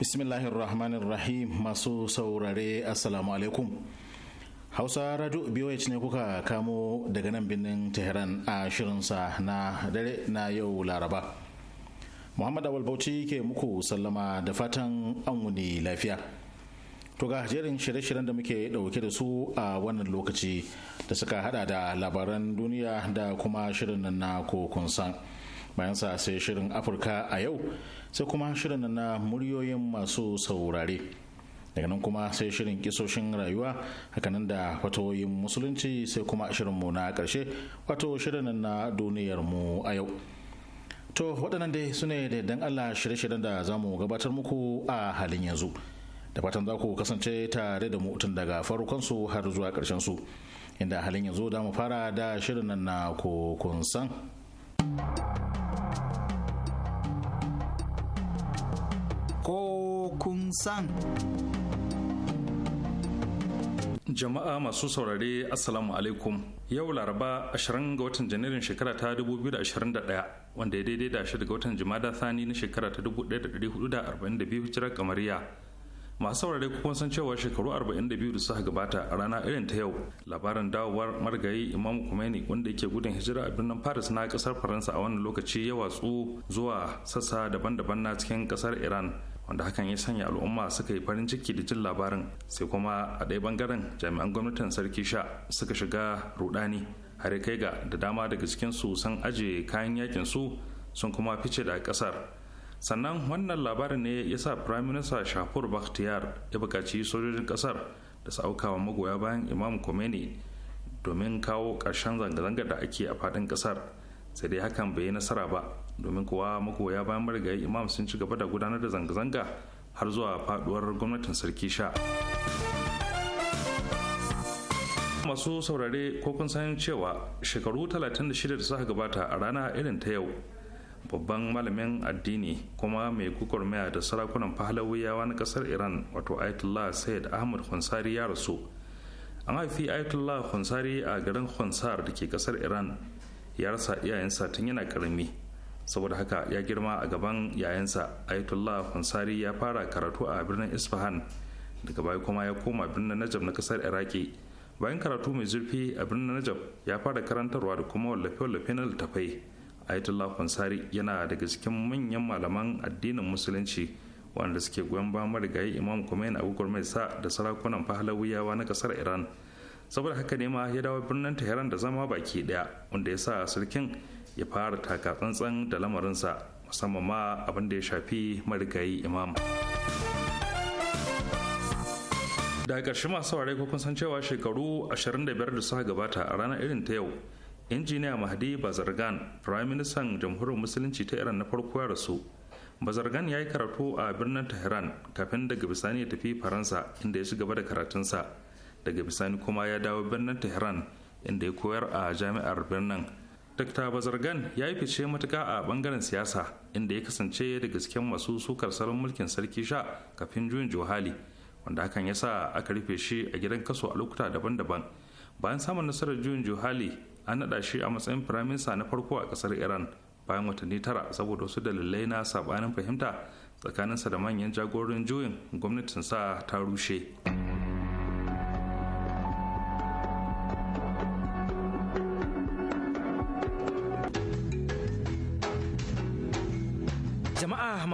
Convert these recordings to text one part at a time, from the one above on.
bismillahirrahmanirrahim masu saurare assalamu alaikum hausa radio boh ne kuka kamo daga nan birnin tehran a shirinsa na dare na yau laraba muhammad awal bauchi ke muku sallama da fatan an wuni lafiya to ga jerin shirye-shiryen da muke dauke da su a wannan lokaci da suka hada da labaran duniya da kuma shirin na kokunsan. san bayan sa sai shirin afirka a yau sai kuma shirin na muryoyin masu saurare daga nan kuma sai shirin kisoshin rayuwa hakanan da fatoyin musulunci sai kuma mu na karshe wato shirin na duniyarmu a yau to waɗannan dai su ne da allah shirye-shiryen da za mu gabatar muku a halin yanzu da fatan za ku kasance tare da mu tun daga farkon har zuwa ƙarshen su inda halin yanzu da mu fara da shirin na kokonsan. san kun san. Jama'a masu saurare Assalamu alaikum. Yau Laraba 20 ga watan Janairun shekara ta 2021 wanda ya daidai da shida daga watan da Thani na shekara ta 1442 hijirar kamariya. Masu saurare kuma san cewa shekaru 42 da suka gabata a rana irin ta yau labarin dawowar margayi Imam kumeni wanda yake gudun hijira a birnin Paris na kasar Faransa a wannan lokaci ya watsu zuwa sassa daban-daban na cikin kasar Iran. wanda hakan ya sanya al'umma suka yi farin ciki da jin labarin sai kuma a ɗaya bangaren jami'an gwamnatin sarki sha suka shiga rudani har kai ga da dama daga cikin su sun aje kayan yakin su sun kuma fice da ƙasar sannan wannan labarin ne ya sa prime minister shafur bakhtiyar ya buƙaci sojojin ƙasar da su aukawa magoya bayan imam khomeini domin kawo ƙarshen zanga-zangar da ake a faɗin ƙasar sai dai hakan bai yi nasara ba domin kuwa magoya bayan marigayi imam sun ci gaba da gudanar da zanga-zanga har zuwa faduwar gwamnatin sarki sha masu saurare ko kun san cewa shekaru 36 da suka gabata a rana irin ta yau babban malamin addini kuma mai gugurmaya da sarakunan fahalawiyawa na kasar iran wato ayatollah sayed ahmad khonsari ya rasu an haifi ayatollah khonsari a garin khonsar da ke kasar iran ya rasa iyayensa tun yana karami saboda haka ya girma a gaban yayansa ayatollah hansari ya fara karatu a birnin isfahan daga baya kuma ya koma birnin najab na kasar iraki bayan karatu mai zurfi a birnin najab ya fara karantarwa da kuma wallafe-wallafe na littafai ayatollah hansari yana daga cikin manyan malaman addinin musulunci wanda suke goyon bayan marigayi imam kumain abu mai sa da sarakunan pahlawiyawa na kasar iran saboda haka ne ma ya dawo birnin tehran da zama baki daya wanda ya sa sarkin ya fara taka tsantsan da lamarinsa musamman ma abin da ya shafi marigayi imam da ƙarshe masu saurare ko kun san cewa shekaru 25 da suka gabata a ranar irin ta yau injiniya mahdi bazargan prime minister jamhuriyar musulunci ta iran na farko ya rasu bazargan ya yi karatu a birnin tehran kafin daga bisani ya tafi faransa inda ya ci gaba da karatunsa daga bisani kuma ya dawo birnin tehran inda ya koyar a jami'ar birnin dr bazargan ya yi fice matuka a bangaren siyasa inda ya kasance da gasken masu sukar salon mulkin sarki sha kafin juyin johali wanda hakan ya sa aka rufe shi a gidan kaso a lokuta daban-daban bayan samun nasarar juyin johali an naɗa shi a matsayin firaminsa na farko a ƙasar iran bayan watanni tara saboda wasu dalilai na sabanin fahimta tsakaninsa da manyan jagorin juyin gwamnatinsa ta rushe.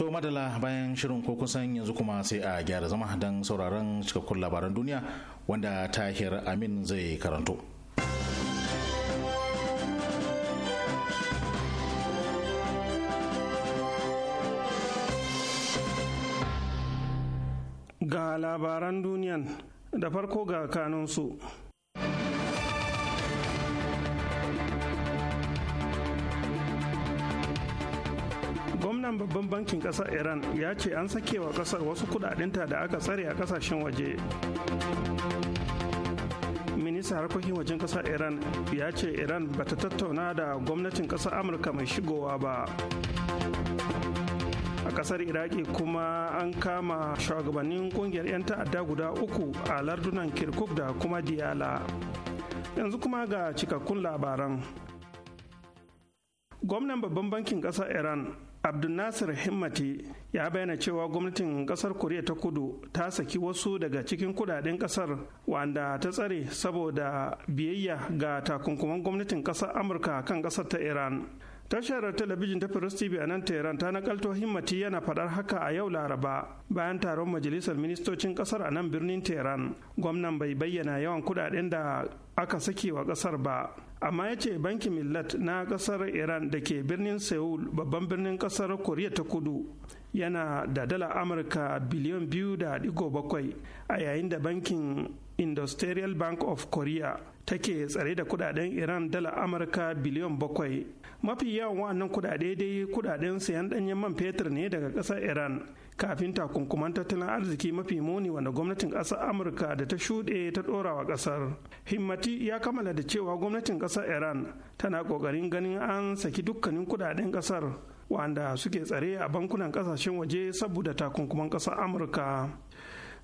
To madala bayan shirin ko kusan yanzu kuma sai a gyara zama don sauraron cikakkun labaran duniya wanda tahir amin zai karanto. Ga labaran duniyan da farko ga kanunsu. su. babban bankin kasar iran ya ce an sakewa kasar wasu kudadinta da aka tsare a kasashen waje minista harkokin wajen kasar iran ya ce iran bata tattauna da gwamnatin kasar amurka mai shigowa ba a kasar iraki kuma an kama shugabannin kungiyar 'yan ta'adda guda uku a lardunan kirkuk da kuma diyala yanzu kuma ga cikakkun labaran gwamnan babban bankin kasar iran abdulnasir himmati ya bayyana cewa gwamnatin kasar koriya ta kudu ta saki wasu daga cikin kudaden kasar wanda ta tsare saboda biyayya ga takunkuman gwamnatin kasar amurka kan kasar ta iran tashar talabijin ta Firis TV a nan Tehran ta nakalto himmati yana faɗar haka a yau Laraba bayan taron majalisar ministocin ƙasar a nan birnin Tehran. Gwamnan bai bayyana yawan kuɗaɗen da aka sake wa ƙasar ba. amma ya ce bankin millat na kasar iran da ke birnin seoul babban birnin kasar koriya ta kudu yana da dala amurka biliyon biyu da digo bakwai a yayin da bankin industrial bank of korea take tsare da kudaden iran dala amurka biliyon bakwai mafi yawan wannan kudade dai kudaden sayan danyen man fetur ne daga kasar iran kafin takunkuman tattalin arziki mafi muni wanda gwamnatin ƙasar amurka da ta shuɗe ta ɗora wa ƙasar himmati ya kammala da cewa gwamnatin ƙasar iran tana ƙoƙarin ganin an saki dukkanin kuɗaɗen ƙasar wanda suke tsare a bankunan ƙasashen waje saboda takunkuman ƙasar amurka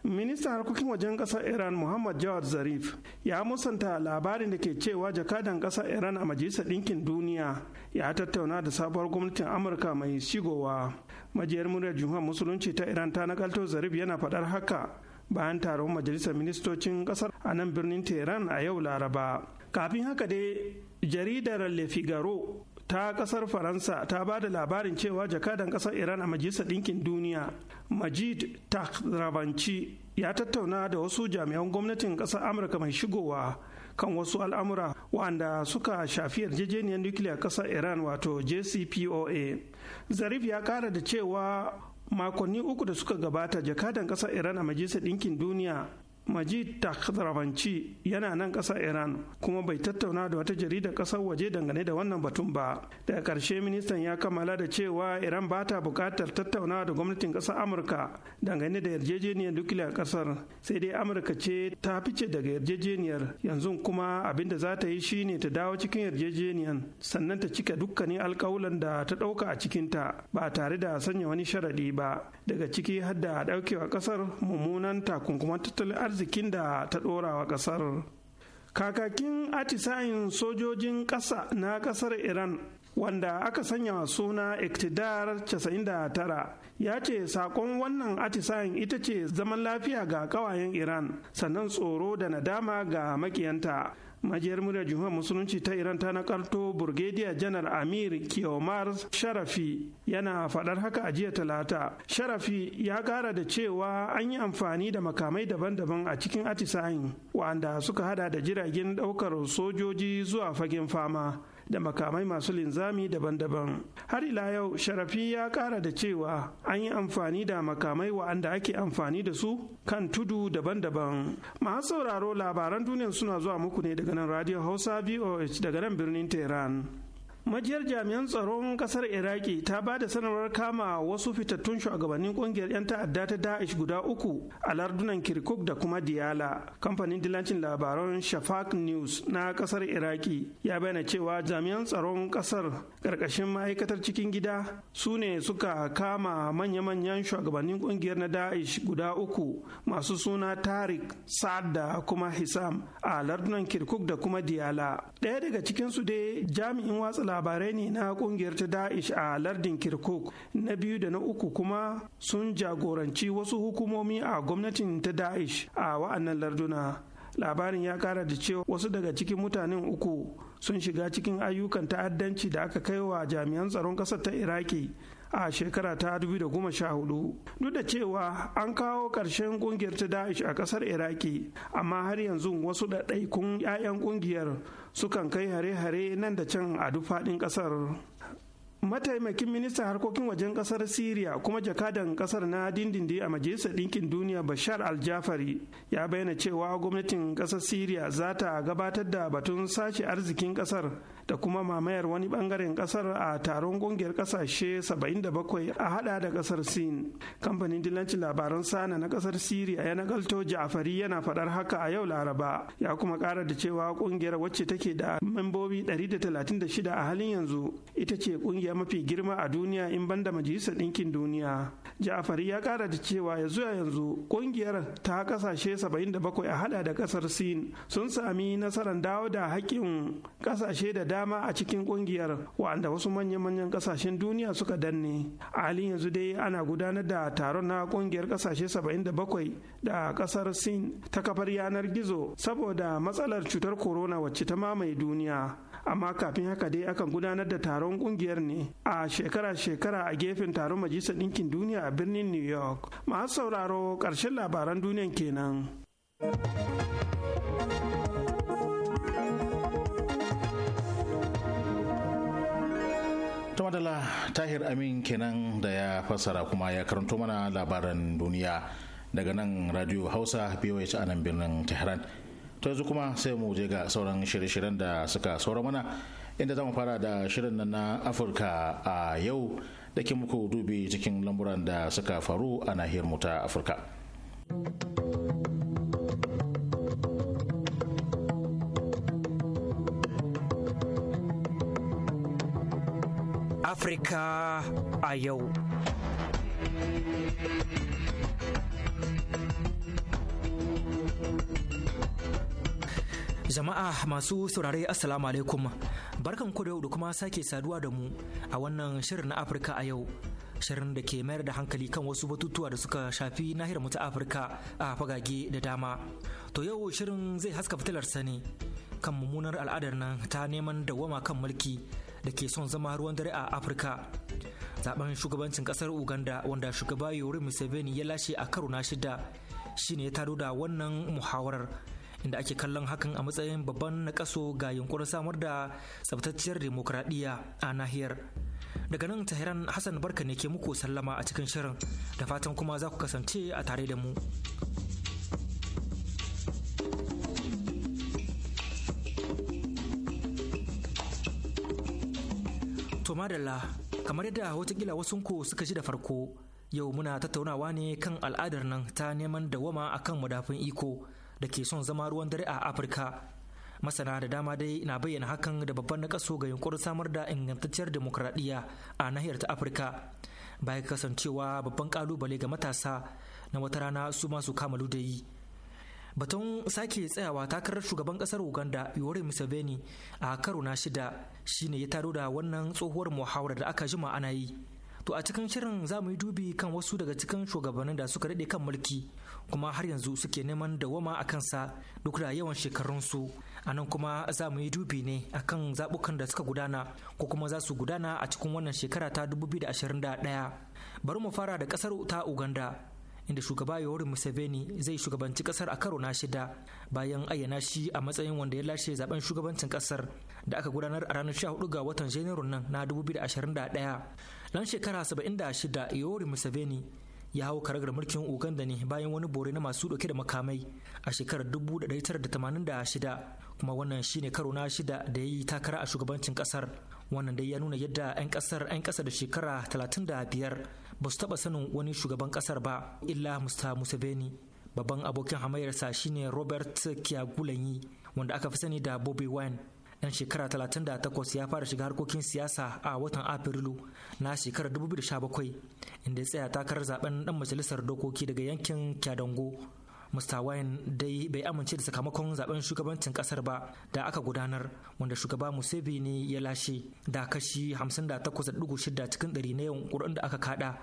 ministan harkokin wajen Ƙasar iran muhammad jawad zarif ya musanta labarin da ke cewa jakadan ƙasar iran a majalisar ɗinkin duniya ya tattauna da sabuwar gwamnatin amurka mai shigowa majiyar muryar jihar musulunci ta iran ta nakalto zarif yana faɗar haka bayan taron majalisar ministocin kasar a nan birnin tehran a yau laraba kafin haka dai jaridar le figaro ta kasar faransa ta ba da labarin cewa jakadan ƙasar iran a majalisar ɗinkin duniya majid takrabanci ya tattauna da wasu jami'an gwamnatin ƙasar amurka mai shigowa kan wasu al'amura wanda suka shafi yarjejeniyar nukiliya ƙasar iran wato jcpoa zarif ya kara da cewa makonni uku da suka gabata jakadan kasar iran a majalisar ɗinkin duniya majid takhravanci yana nan ƙasa iran kuma bai tattauna da wata jaridar ƙasar waje dangane da wannan batun ba daga ƙarshe ministan ya kammala da cewa iran ba ta buƙatar tattaunawa da gwamnatin ƙasar amurka dangane da yarjejeniyar nukiliyar ƙasar sai dai amurka ce ta fice daga yarjejeniyar yanzu kuma abin da za ta yi shine ta dawo cikin yarjejeniyar sannan ta cika dukkanin alƙawulan da ta ɗauka a cikinta ba tare da sanya wani sharaɗi ba daga ciki har da ɗaukewa ƙasar mummunan takunkuman tattalin arziki arzikin da ta ɗorawa ƙasar kakakin atisayin sojojin ƙasa na ƙasar iran wanda aka sanya suna iktidar 99 ya ce sakon wannan atisayin ita ce zaman lafiya ga kawayen iran sannan tsoro da nadama ga makiyanta majiyar murya jihar musulunci ta iran ta nakarto burgediya janar amir kiyomar sharafi yana faɗar haka a jiya talata sharafi ya kara da cewa an yi amfani da makamai daban-daban a cikin atisayin wanda suka hada da jiragen ɗaukar sojoji zuwa fagen fama da makamai masu linzami daban-daban har ila yau sharafi ya kara da cewa an yi amfani da makamai wa'anda ake amfani da su kan tudu daban-daban masu sauraro labaran duniya suna zuwa muku ne daga nan radio hausa voh daga nan birnin tehran majiyar jami'an tsaron kasar iraki ta ba da sanarwar kama wasu fitattun shugabannin kungiyar 'yan ta'adda ta da'ish guda uku a lardunan kirkuk da kuma diyala kamfanin dilancin labaran shafak news na kasar iraki ya bayyana cewa jami'an tsaron kasar karkashin ma'aikatar cikin gida su ne suka kama manya-manyan shugabannin kungiyar na da'ish guda uku masu suna tariq sa'ad da kuma hisam a lardunan kirkuk da kuma diyala ɗaya daga cikinsu dai jami'in watsa labarai ne na kungiyar ta Daesh a lardin Kirkuk na biyu da na uku kuma sun jagoranci wasu hukumomi a gwamnatin ta Daesh a wa'annan larduna. Labarin ya kara da cewa wasu daga cikin mutanen uku sun shiga cikin ayyukan ta'addanci da aka kai wa jami'an tsaron ƙasar ta Iraki a shekara ta 2014 duk da cewa an kawo ƙarshen ƙungiyar ta Daesh a ƙasar Iraki amma har yanzu wasu ɗaiɗaikun 'ya'yan ƙungiyar sukan kai hare-hare nan da can a duk faɗin ƙasar mataimakin ministan harkokin wajen ƙasar siriya kuma jakadan ƙasar na dindindi a majalisar ɗinkin duniya bashar aljafari ya bayyana cewa gwamnatin ƙasar siriya za ta gabatar da batun sace arzikin ƙasar. da kuma mamayar wani bangaren kasar a taron gungiyar kasashe 77 a hada da kasar sin kamfanin dillancin labaran sana na kasar siriya ya nagalto jafari yana fadar haka a yau laraba ya kuma kara da cewa kungiyar wacce take da membobi 136 a halin yanzu ita ce kungiya mafi girma a duniya in banda majalisar ɗinkin duniya ja'afari ya kara da cewa ya zuwa yanzu kungiyar ta kasashe 77 a hada da kasar sin sun sami nasarar dawo da haƙƙin kasashe da dama a cikin kungiyar wanda wasu manya-manyan kasashen duniya suka danne a halin yanzu dai ana gudanar da taron na kungiyar kasashe 77 da kasar sin ta kafar yanar gizo saboda matsalar cutar corona wacce ta mamaye duniya amma kafin haka dai akan gudanar da taron kungiyar ne a shekara-shekara a gefen taron majalisar ɗinkin duniya a birnin new york masu sauraro ƙarshen labaran duniyan kenan madala tahir amin kenan da ya fassara kuma ya karanto mana labaran duniya daga nan radio hausa biyu a anan birnin tehran ta yanzu kuma sai mu je ga sauran shirye-shiryen da suka saura mana inda zamu fara da shirin nan na afirka a yau da ke muku dubi cikin lamburan da suka faru a nahiyar mu ta afirka Afirka a yau. Jama'a masu saurare Assalamu alaikum barkan ku da yau da kuma sake saduwa da mu a wannan shirin na Afirka a yau. Shirin da ke mayar da hankali kan wasu batutuwa da suka shafi nahiyar mu ta Afirka a fagage da dama. To yau shirin zai haska fitilar sani kan mummunar al'adar nan ta neman dawwama kan mulki da ke son zama ruwan dare a Afirka. Zaben shugabancin kasar Uganda wanda shugaba Yoweri Museveni ya lashe a karo na shida shine ya taro da wannan muhawarar inda ake kallon hakan a matsayin babban kaso ga yunkurin samar da tsabtacciyar demokradiyya a nahiyar daga nan tahiran hassan barka ne ke muku sallama a cikin shirin da fatan kuma za ku kasance a tare da mu to madalla kamar yadda watakila wasunku suka ji da farko yau muna tattaunawa ne kan al'adar nan ta neman dawama akan madafin iko da ke son zama ruwan dare a afirka masana da dama dai na bayyana hakan da babban nakaso ga yunkurin samar da ingantacciyar demokradiyya a nahiyar ta afirka bayan kasancewa babban kalubale ga matasa na wata rana su masu kama ludayi batun sake tsayawa takarar shugaban kasar uganda yori museveni a karo na shida shine ya taro da wannan tsohuwar muhawarar da aka jima ana yi to a cikin shirin za mu yi dubi kan wasu daga cikin shugabannin da suka daɗe kan mulki kuma har yanzu suke neman dawama a kansa duk da yawan shekarunsu a nan kuma za mu yi dubi ne a kan zaɓukan da suka gudana ko kuma za su gudana a cikin wannan shekara ta 2021 bari mu fara da kasar ta uganda inda shugaba yoweri museveni zai shugabanci kasar a karo na shida bayan ayyana shi a matsayin wanda ya lashe zaben shugabancin kasar da aka gudanar a ranar 14 ga watan janairun nan na 2021 ran shekara shida yoweri museveni ya hau karagar mulkin Uganda ne bayan wani bore na masu dauke da makamai a shekarar 1986 kuma wannan shine karo na shida da ya yi takara a shugabancin kasar wannan dai ya nuna yadda 'yan kasar 'yan kasa da shekara 35 ba su taba sanin wani shugaban kasar ba illa musta museveni babban abokin hamayyarsa shine robert kyagulanyi wanda aka fi sani da bobby wine dan shekara 38 ya fara shiga harkokin siyasa a watan afrilu na shekarar 2017 inda ya tsaya takarar zaben dan majalisar dokoki daga yankin kyadango Mr. Wine dai bai amince da sakamakon zaben shugabancin kasar ba da aka gudanar wanda shugaba ne ya lashe da kashi 58.6 cikin ɗari na yawan ƙuri'un da aka kada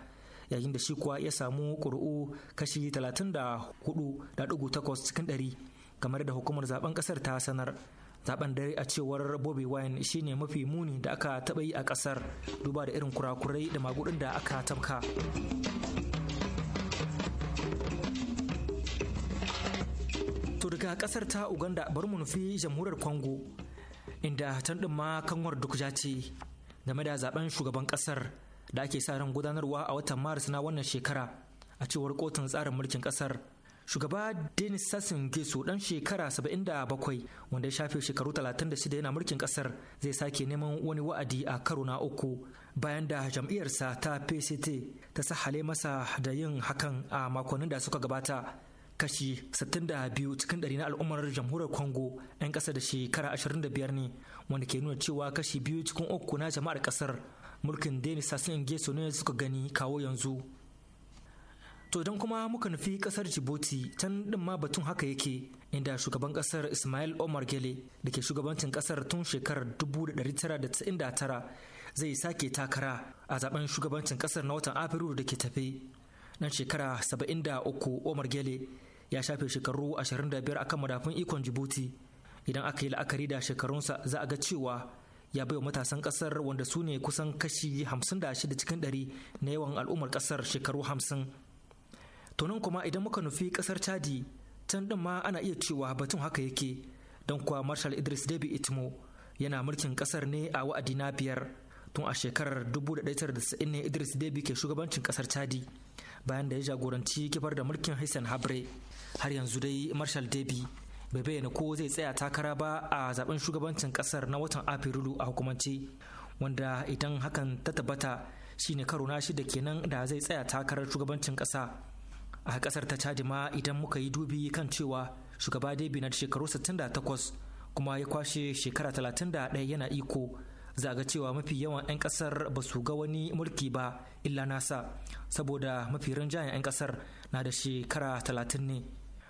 yayin da shi kuwa ya samu ƙuri'u kashi 34.8 cikin ɗari kamar da hukumar zaben kasar ta sanar zaben dare a cewar Bobby Wine shine mafi muni da aka taba yi a kasar duba da irin kurakurai da magudin da aka tamka. To daga kasar ta Uganda bari mu nufi jamhuriyar Congo inda can din ma kanwar dukja ce game da zaben shugaban kasar da ake sa ran gudanarwa a watan Maris na wannan shekara a cewar kotun tsarin mulkin kasar. shugaba denis sassin gesu dan shekara 77 wanda ya shafe shekaru 36 yana mulkin kasar zai sake neman wani wa'adi a karo na uku bayan da jam'iyyarsa ta pct ta sahale masa da yin hakan a makonnin da suka gabata kashi 62 cikin ɗari na al'ummar jamhuriyar kongo 'yan kasa da shekara 25 ne wanda ke nuna cewa kashi biyu cikin uku na jama'ar ƙasar mulkin denis sassin gesu ne suka gani kawo yanzu To don kuma muka nufi kasar Djibouti tan din ma batun haka yake inda shugaban kasar Ismail Omar Gele da ke shugabancin kasar tun shekarar 1999 zai sake takara a zaben shugabancin kasar na watan Afrilu da ke tafe. Dan shekara 73 Omar Gele ya shafe shekaru 25 akan madafun ikon Djibouti. Idan aka yi la'akari da shekarunsa za a ga cewa ya baiwa matasan kasar wanda su ne kusan kashi 56 cikin 100 na yawan al'ummar kasar shekaru 50. to nan kuma idan muka nufi kasar chadi can din ma ana iya cewa batun haka yake don kuwa marshal idris debi itmo yana mulkin kasar ne a wa'adi na biyar tun a shekarar 1990 ne idris debi ke shugabancin kasar chadi bayan da ya jagoranci kifar da mulkin hassan habre har yanzu dai marshal debi bai bayyana ko zai tsaya takara ba a zaben shugabancin kasar na watan afrilu a hukumance wanda idan hakan ta tabbata shine karo na shida kenan da zai tsaya takarar shugabancin kasa a kasar ta chadi ma idan muka yi dubi kan cewa shugaba debi na shekaru 68 kuma ya kwashe shekara 31 yana iko za ga cewa mafi yawan 'yan kasar ba su ga wani mulki ba illa nasa saboda mafi rinjayen 'yan kasar na da shekara 30 ne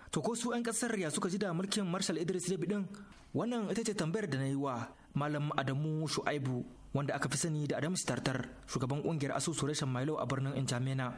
to ko su 'yan kasar ya suka ji da mulkin marshal idris dabi din wannan ita ce tambayar da na yi wa malam adamu shu'aibu wanda aka fi sani da adamu tartar shugaban kungiyar asusu rashin milo a birnin injamena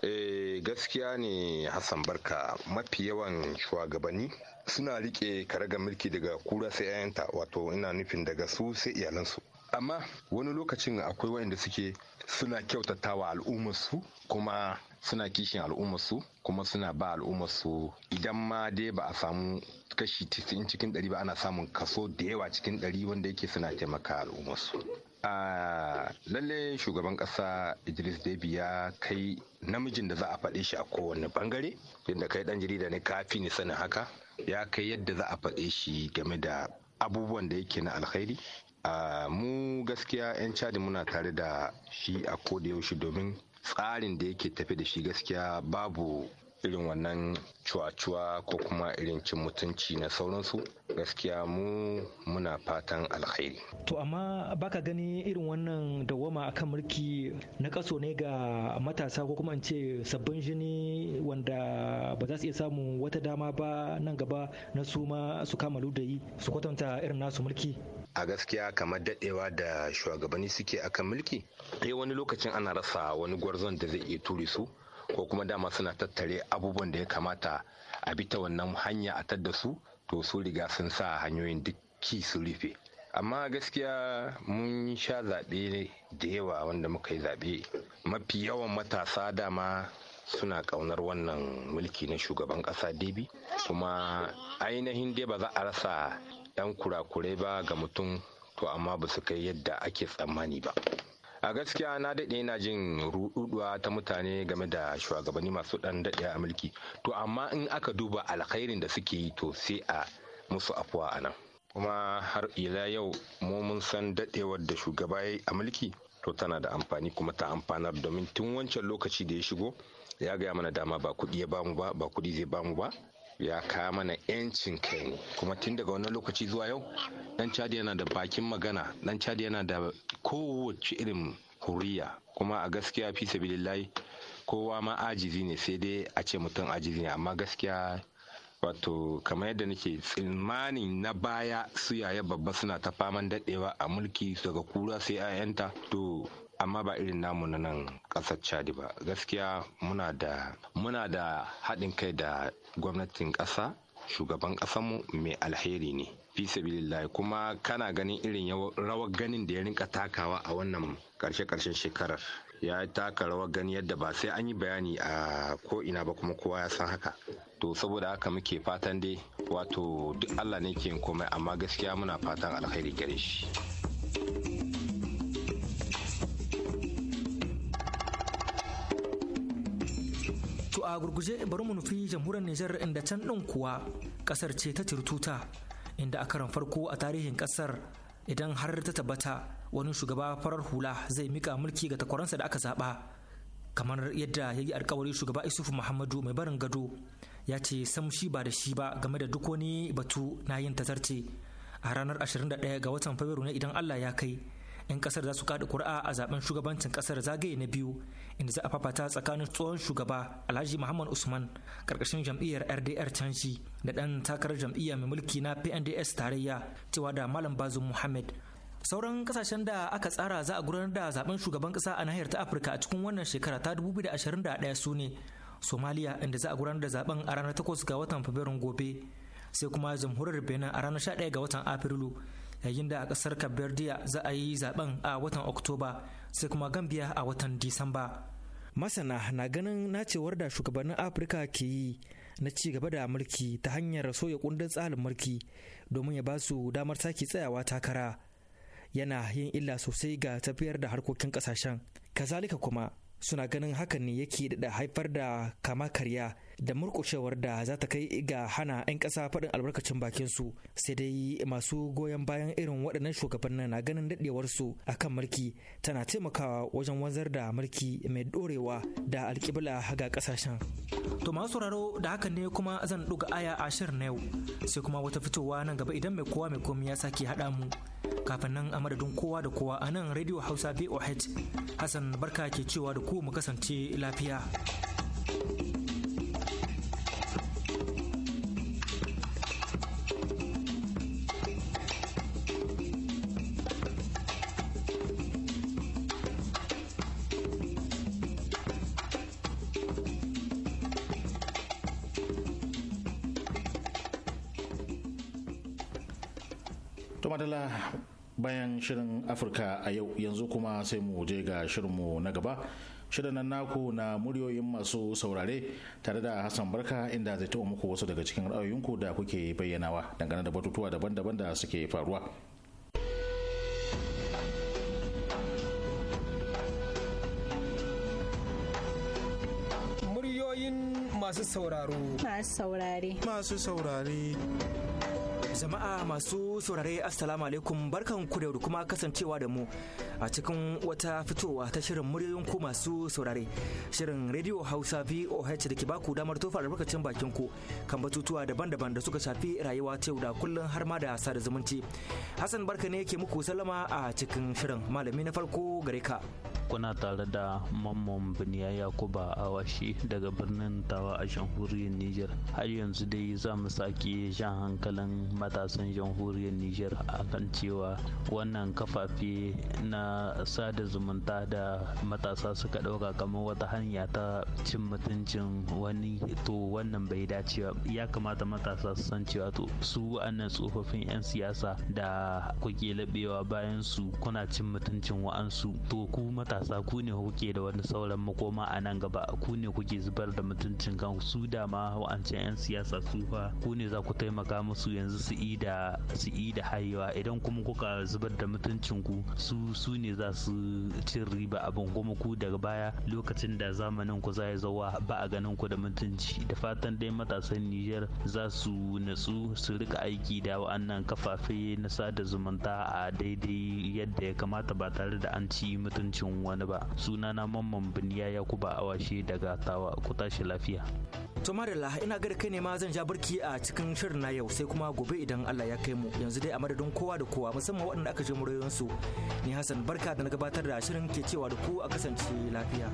Eh gaskiya ne Hassan Barka mafi yawan shugabanni suna rike karagar mulki daga kura sai 'ya'yanta wato ina nufin daga su sai iyalansu. Amma wani lokacin akwai waɗanda suke suna kyautatawa al'ummarsu kuma suna kishin al'ummarsu kuma suna ba al'ummarsu idan ma dai ba a samu kashi 90 cikin 100 ba ana samun kaso da yawa cikin 100 wanda yake suna taimaka al'ummarsu a lalle shugaban kasa idris debi ya kai namijin da za a faɗe shi a kowane bangare inda kai dan jarida ne kafi ni sanin haka ya kai yadda za a faɗe shi game da abubuwan da yake na alkhairi mu gaskiya 'yan cadi muna tare da shi a koda yaushe domin tsarin da yake tafi da shi gaskiya babu irin wannan cuwa-cuwa ko kuma irin cin mutunci na sauransu gaskiya mu muna fatan alkhairi. To amma baka gani irin wannan dawama kan mulki na kaso ne ga matasa ko kuma in ce sabbin jini wanda ba za su iya samun wata dama ba nan gaba na su ma su kama ludayi su kwatanta irin nasu mulki. A gaskiya kamar daɗewa da shugabanni suke akan mulki, sai wani lokacin ana rasa wani gwarzon da zai iya ture su. ko kuma dama suna tattare abubuwan da ya kamata a bi ta wannan hanya a tadda su to su riga sun sa hanyoyin dukki su rufe amma gaskiya mun sha zaɓe da yawa wanda muka yi zaɓe mafi yawan matasa dama suna ƙaunar wannan mulki na shugaban ƙasa debi kuma ainihin dai ba za a rasa 'yan kurakurai ba ga mutum to amma ba su kai yadda ake tsammani ba a gaskiya na daɗe ina jin ruɗuɗuwa ta mutane game da shugabanni masu ɗan daɗe a mulki to amma in aka duba alkhairin da suke yi to sai a musu afuwa a nan kuma har ila yau mu mun san daɗewar da shugaba ya a mulki to tana da amfani kuma ta amfanar domin tun wancan lokaci da ya shigo ya gaya mana dama ba kuɗi ya bamu ba ba kuɗi zai bamu ba ya kawo mana yancin kai ne kuma tun daga wannan lokaci zuwa yau dan chadi yana da bakin magana dan chadi yana da kowace irin huriya kuma a gaskiya fi sabilillahi kowa ma ajizi ne sai dai a ce mutum ajizi ne amma gaskiya wato kamar yadda nake tsimanin na baya su yaya babba suna ta faman daɗewa a mulki daga kura sai 'ya'yanta to amma ba irin namu na nan ƙasar chadi ba gaskiya muna da muna da haɗin kai da gwamnatin ƙasa shugaban ƙasanmu mai alheri ne fi sabilillahi kuma kana ganin irin rawar ganin da ya rinka takawa a wannan karshe-karshen shekarar ya taka rawar gani yadda ba sai an yi bayani a ko ina ba kuma kowa ya san haka to saboda haka muke fatan dai wato duk allah ne ke komai amma gaskiya muna fatan alheri gare shi a gurguje bari mu nufi jamhuriyar Nijar inda can ɗin kuwa ƙasar ce ta tirtuta inda a karan farko a tarihin ƙasar idan har ta tabbata wani shugaba farar hula zai mika mulki ga takwaransa da aka zaɓa. kamar yadda ya yi alkawari shugaba isufu muhammadu mai barin gado ya ce sam shi ba da shi ba game da duk wani batu na yin tazarce a ranar 21 ga watan fabrairu ne idan allah ya kai 'yan kasar za su kada kuri'a a zaben shugabancin kasar zagaye na biyu inda za a fafata tsakanin tsohon shugaba alhaji muhammad usman karkashin jam'iyyar rdr canji da ɗan takarar jam'iyya mai mulki na pnds tarayya cewa da malam bazu muhammad sauran kasashen da aka tsara za a gudanar da zaben shugaban kasa a nahiyar ta afirka a cikin wannan shekara ta 2021 su ne somaliya inda za a gudanar da zaben a ranar 8 ga watan fabrairun gobe sai kuma jamhuriyar benin a ranar 11 ga watan afrilu yayin da a kasar Kabirdiya za a yi zaben a watan Oktoba sai kuma Gambia a watan Disamba. Masana na ganin nacewar da shugabannin Afirka ke yi na ci gaba da mulki ta hanyar soya kundin tsarin mulki domin ya ba su damar sake tsayawa takara yana yin illa sosai ga tafiyar da harkokin kasashen. Kazalika kuma suna ganin hakan ne yake da haifar da kama karya da murkushewar da za ta kai ga hana 'yan ƙasa faɗin albarkacin bakin su sai dai masu goyon bayan irin waɗannan shugabannin na ganin daɗewar su kan mulki tana taimakawa wajen wanzar da mulki mai ɗorewa da alƙibla ga ƙasashen. To masu sauraro da hakan ne kuma zan ɗuga aya a shirin na yau sai kuma wata fitowa nan gaba idan mai kowa mai komi ya sake haɗa mu kafin nan a madadin kowa da kowa a nan radio hausa voh hassan barka ke cewa da ku mu kasance lafiya. madala bayan shirin afirka a yau yanzu kuma sai mu je ga shirinmu na gaba shirin nan naku na muryoyin masu saurare tare da hassan barka inda zai taɓa muku wasu daga cikin ra'ayoyinku da kuke bayyanawa dangane da batutuwa daban-daban da suke faruwa muryoyin masu sauraro masu saurare masu saurare jama'a masu saurare assalamu alaikum barkan ku da kuma kasancewa da mu a cikin wata fitowa ta shirin muryoyin ku masu saurare shirin radio hausa voh da ke baku damar tofa albarkacin bakin ku kan batutuwa daban-daban da suka shafi rayuwa ta yau da kullum har ma da sada zumunci hassan barka ne ke muku salama a cikin shirin malami na farko gare ka kuna tare da mamman biniya yakuba awashi daga birnin tawa a jamhuriyar niger har yanzu dai za mu sake jan hankalin matasan jamhuriyar nijar niger akan cewa wannan kafafe na sada zumunta da matasa suka ɗauka kamar wata hanya ta cin mutuncin wani to wannan bai dace ba ya kamata matasa su san cewa to su wa'annan tsofaffin 'yan siyasa da kuke laɓewa bayan su kuna cin mutuncin wa'ansu to ku matasa ku ne kuke da wani sauran makoma a nan gaba ku ne kuke zubar da mutuncin kan su dama wa'ancan 'yan siyasa su fa ku ne za ku taimaka musu yanzu su yi da su yi da hayewa idan kuma kuka zubar da mutuncinku su su ne za su cin riba abin kuma ku daga baya lokacin da zamanin ku za ya zawa ba a ganin ku da mutunci da fatan dai matasan niger za su natsu su rika aiki da wa'annan kafafe na sada zumunta a daidai yadda ya kamata ba tare da an ci mutuncin wani ba sunana mamman biniya yakuba awashe daga tawa ku tashi lafiya to ina ga kai ne ma zan ja burki a cikin shirin na yau sai kuma gobe idan Allah ya kai mu yanzu dai a madadin kowa da kowa musamman waɗanda aka je su ni hassan barka da na gabatar da shirin ke cewa da ku a kasance lafiya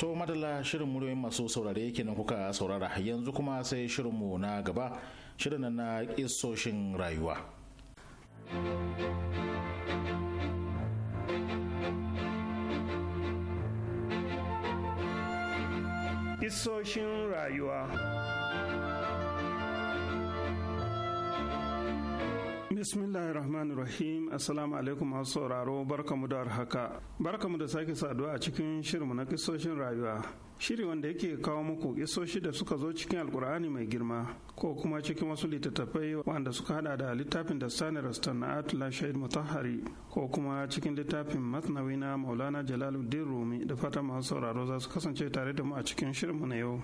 To madalla shirin muryoyin masu saurare nan kuka saurara yanzu kuma sai shirinmu na gaba shirin na isoshin rayuwa. kisoshin rayuwa. bismillahir rahmanir rahim assalamu alaikum masu sauraro barkamu da haka barkamu da sake saduwa a cikin shirinmu na kisoshin rayuwa shiri wanda yake kawo muku kisoshi da suka zo cikin alkur'ani mai girma ko kuma cikin wasu littattafai wanda suka hada da littafin da sani rastan na atula shahid mutahari ko kuma cikin littafin masnawi na maulana jalaluddin rumi da fatan masu sauraro za su kasance tare da mu a cikin shirinmu na yau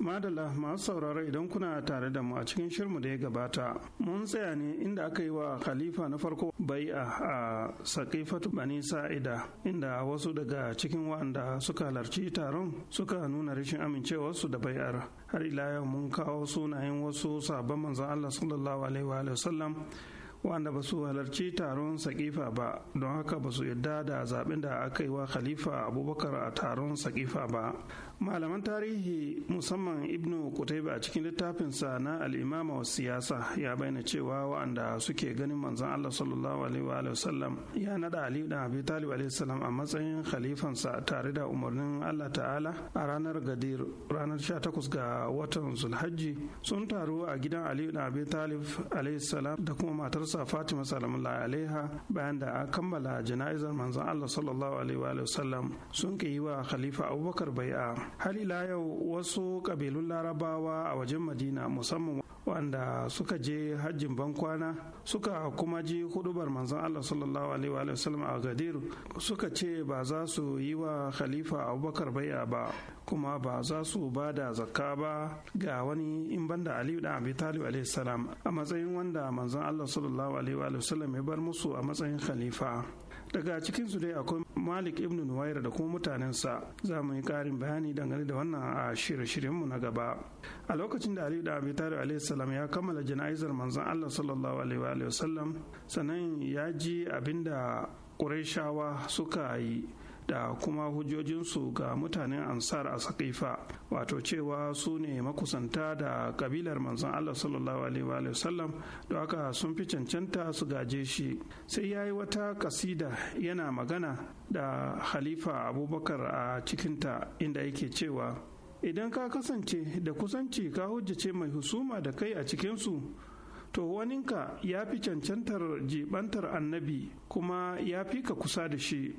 Madalla masu sauraro idan kuna tare da mu a cikin shirmu da ya gabata. Mun tsaya ne inda aka yi wa khalifa na farko bai'a a Saqifat Bani Sa'ida inda wasu daga cikin waɗanda suka halarci taron suka nuna rashin amincewarsu da bai'ar. Har ila yau mun kawo sunayen wasu sabon manzon Allah sallallahu alaihi wa sallam wanda ba su halarci taron sakifa ba don haka ba su yarda da zaɓen da aka yi wa khalifa abubakar a taron sakifa ba malaman tarihi musamman ibnu kutaiba a cikin littafinsa na al'imama wa siyasa ya bayyana cewa wa'anda suke ganin manzon allah sallallahu alaihi wa sallam ya nada ali da abi talib alaihi salam a matsayin khalifansa tare da umarnin allah ta'ala a ranar gadir ranar 18 ga watan zulhajji sun taru a gidan ali da abi talib alaihi salam da kuma matarsa fatima salamullahi alaiha bayan da a kammala jana'izar manzon allah sallallahu alaihi wa sallam sun ke yi wa khalifa abubakar bai'a har ila yau wasu kabilun larabawa a wajen madina musamman wanda suka je hajjin bankwana suka kuma ji hudubar manzon Allah sallallahu alaihi wa a gadir suka ce ba za su yi wa khalifa abubakar baiya ba kuma ba za su ba da zakka ba ga wani in banda aliyu dan abi talib alaihi salam a matsayin wanda manzon Allah sallallahu alaihi wa sallam ya bar musu a matsayin khalifa daga cikin su dai akwai malik ibn nuwair da kuma mutanensa za mu yi karin bayani dangane da wannan a shirye mu na gaba a lokacin da aliyu da abi talib alaihi salam ya kammala jana'izar manzon allah sallallahu alaihi wa sallam sannan ya ji abinda ƙurayshawa suka yi da kuma hujjojinsu ga mutanen ansar a sakifa wato cewa su ne makusanta da kabilar manzon Allah sallallahu alaihi wasallam da aka sun fi cancanta su gaje shi sai ya yi wata kasida yana magana da halifa abubakar a cikinta inda yake cewa idan ka kasance da kusanci ka hujjace mai husuma da kai a cikinsu to waninka ya fi cancantar jibantar annabi kuma ya fi ka kusa da shi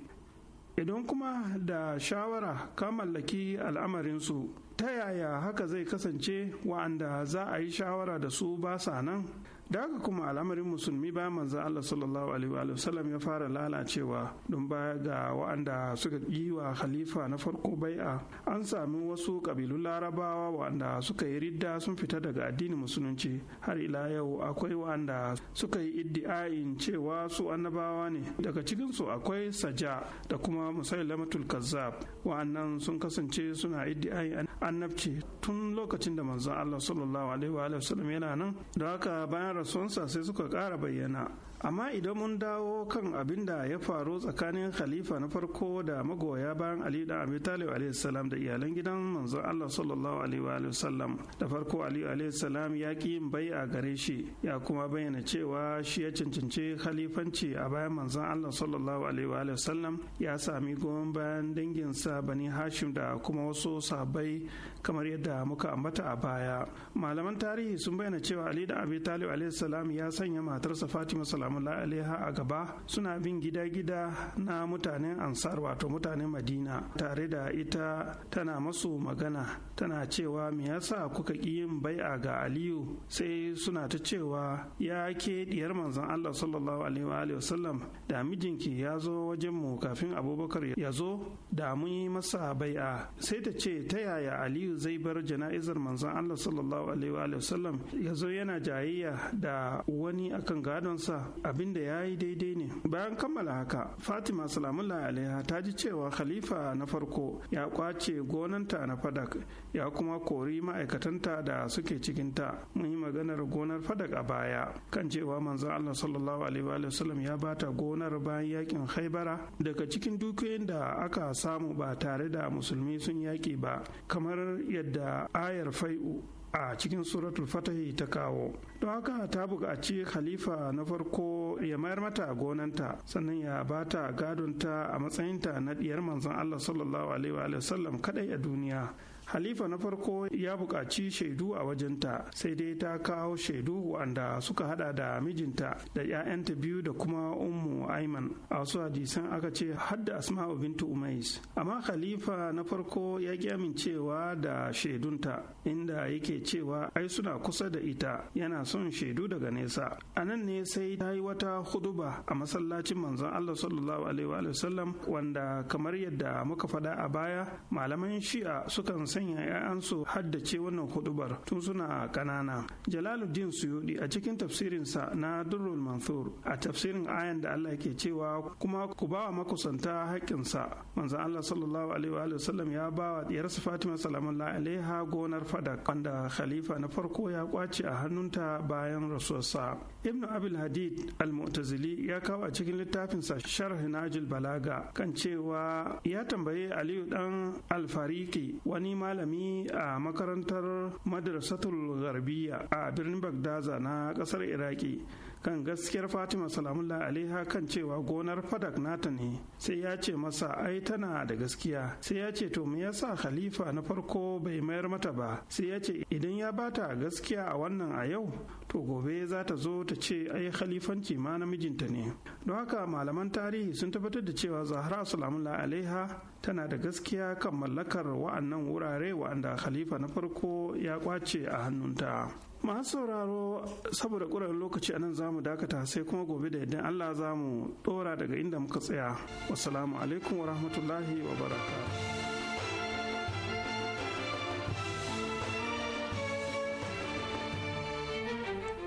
idan kuma da shawara ka mallaki al'amarinsu ta yaya haka zai kasance wa'anda za a yi shawara da su ba sa nan da haka kuma al'amarin musulmi ba manzo Allah sallallahu alaihi wa sallam ya fara lalacewa don baya ga waɗanda suka yi wa khalifa na farko bai'a an sami wasu kabilun larabawa waɗanda suka yi ridda sun fita daga addinin musulunci har ila yau akwai waɗanda suka yi iddi'ain cewa su annabawa ne daga cikinsu akwai saja da kuma musailamatul kazzab wa'annan sun kasance suna iddi'ain annabci tun lokacin da manzon Allah sallallahu alaihi wa sallam yana nan da haka bayan rasuwansa sai suka ƙara bayyana amma idan mun dawo kan abin da ya faru tsakanin khalifa na farko da magoya bayan ali da abi talib alaihi salam da iyalan gidan manzon Allah sallallahu alaihi wa sallam da farko ali alaihi salam ya ki yin bai a gare shi ya kuma bayyana cewa shi ya cancanci khalifanci a bayan manzon Allah sallallahu alaihi wa sallam ya sami goyon bayan danginsa bani hashim da kuma wasu sahabbai kamar yadda muka ambata a baya malaman tarihi sun bayyana cewa ali da abi talib alaihi ya sanya matarsa fatima salamu alaiha a gaba suna bin gida-gida na mutanen ansar wato mutanen madina tare da ita tana masu magana tana cewa me yasa kuka ki yin bai'a ga aliyu sai suna ta cewa ya ke diyar manzon allah sallallahu alaihi wa sallam da mijinki ya zo wajen mu kafin abubakar ya zo da mun yi masa bai'a sai ta ce ta yaya aliyu zai bar jana'izar manzon allah sallallahu alaihi wa sallam ya zo yana jayayya da wani akan gadonsa abinda ya yi daidai ne bayan kammala haka fatima salamullahi alaiha ta ji cewa khalifa na farko ya kwace gonanta na fadak ya kuma kori ma'aikatanta da suke cikinta mun yi maganar gonar fadak a baya kan cewa manzon allah sallallahu alaihi wa sallam ya bata gonar bayan yakin haibara daga cikin dukiyoyin da aka samu ba tare da musulmi sun yaki ba kamar yadda ayar fai'u a cikin suratul fatahi ta kawo don haka ta buƙaci khalifa na farko ya mayar mata gonanta sannan ya ba ta gadonta a matsayinta na ɗiyar manzon allah sallallahu alaihi wa sallam kadai a duniya halifa na farko ya buƙaci shaidu a wajenta sai dai ta kawo shaidu wanda suka hada da mijinta da 'ya'yanta biyu da kuma ummu aiman a wasu hadisan aka ce hadda asma bintu umais amma khalifa na farko ya ki amincewa da shaidunta inda yake cewa ai suna kusa da ita yana son shaidu daga nesa a nan ne sai ta yi wata huduba a masallacin manzon allah sallallahu alaihi wa sallam wanda kamar yadda muka faɗa a baya malaman shi'a sukan san sanya 'ya'yansu haddace wannan hudubar tun suna ƙanana jalaluddin suyudi a cikin tafsirinsa na durrul mansur a tafsirin ayan da allah ke cewa kuma ku ba wa makusanta haƙƙinsa manzon allah sallallahu alaihi wa sallam ya ba wa diyarsa fatima salamullahi alaiha gonar fadak wanda khalifa na farko ya kwace a hannunta bayan rasuwarsa ibnu abil hadid al-mu'tazili ya kawo a cikin littafinsa sharh najil balaga kan cewa ya tambaye aliyu dan alfariki wani malami a makarantar madrasatul garbiya a birnin bagdaza na kasar iraki kan gaskiyar fatima salamullah alaiha kan cewa gonar fadak nata ne sai ya ce masa ai tana da gaskiya sai ya ce to me yasa khalifa na farko bai mayar mata ba sai ya ce idan ya bata gaskiya a wannan a yau to gobe za ta zo ta ce ai khalifanci ma namijinta ne don haka malaman tarihi sun tabbatar da cewa zahra salamullah alaiha tana da gaskiya kan mallakar wa'annan wurare wa'anda khalifa na farko ya kwace a hannunta masu sauraro saboda ƙurar lokaci a nan za mu dakata sai kuma gobe da idan Allah za mu ɗora daga inda muka tsaya wasalamu alaikum wa rahmatullahi wa baraka.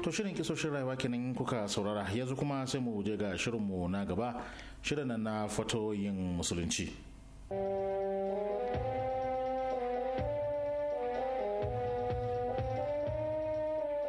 To shirin kisoshin rayuwa kenan kuka saurara yanzu kuma sai mu je ga shirinmu na gaba shirin na fatoyin musulunci.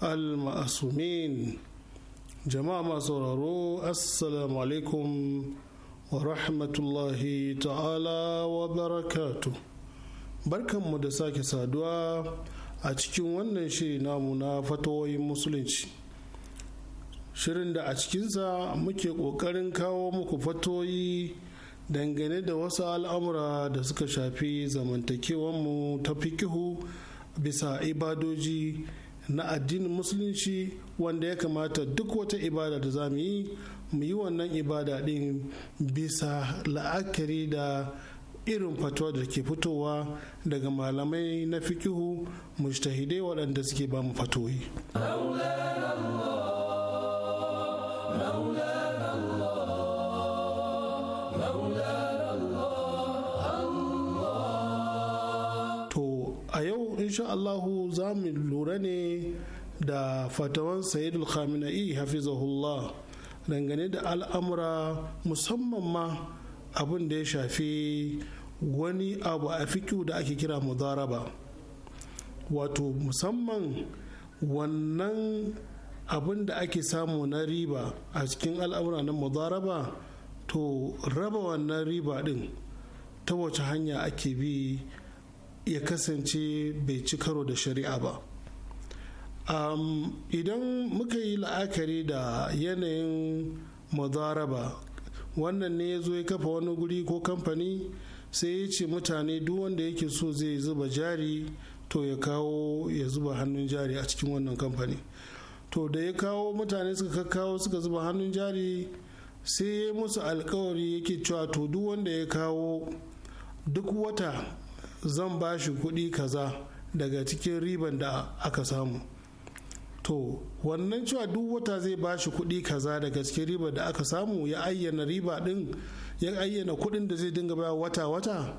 al jama'a masu sauraro assalamu alaikum wa rahmatullahi ta'ala wa barakatu barkanmu da sake saduwa a cikin wannan shiri namu na fatawoyin musulunci shirin da a cikinsa muke ƙoƙarin kawo muku fatoyi dangane da wasu al'amura da suka shafi zamantakewanmu ta fikihu bisa ibadoji na addinin musulunci wanda ya kamata duk wata ibada da za mu yi mu yi wannan ibada ɗin bisa la'akari da irin fatuwa da ke fitowa daga malamai na fikihu mu mujtahidai waɗanda suke ba mu fatoyi. insha Allahu za mu lura ne da fatawan Sayyidul Khamenei hafizahullah dangane da al'amura musamman ma abin da ya shafi wani abu a fikiyu da ake kira mudaraba wato musamman wannan abin da ake samu na riba a cikin al'amura na mudaraba to raba wannan riba din ta wace hanya ake bi ya kasance bai ci karo da shari'a ba um, idan muka yi la'akari da yanayin mazaraba wannan ne ya zo ya kafa wani guri ko kamfani sai ya ce mutane duk wanda yake so zai zuba jari to ya kawo ya zuba hannun jari a cikin wannan kamfani to da ya kawo mutane suka kawo suka zuba hannun jari sai ya musu alkawari yake cewa to duk wanda ya kawo duk wata zan ba shi kuɗi kaza daga cikin riban da aka samu to wannan cewa duk wata zai ba shi kuɗi kaza daga cikin riba da aka samu ya ayyana riba ɗin ya ayyana kuɗin da zai dinga baya wata-wata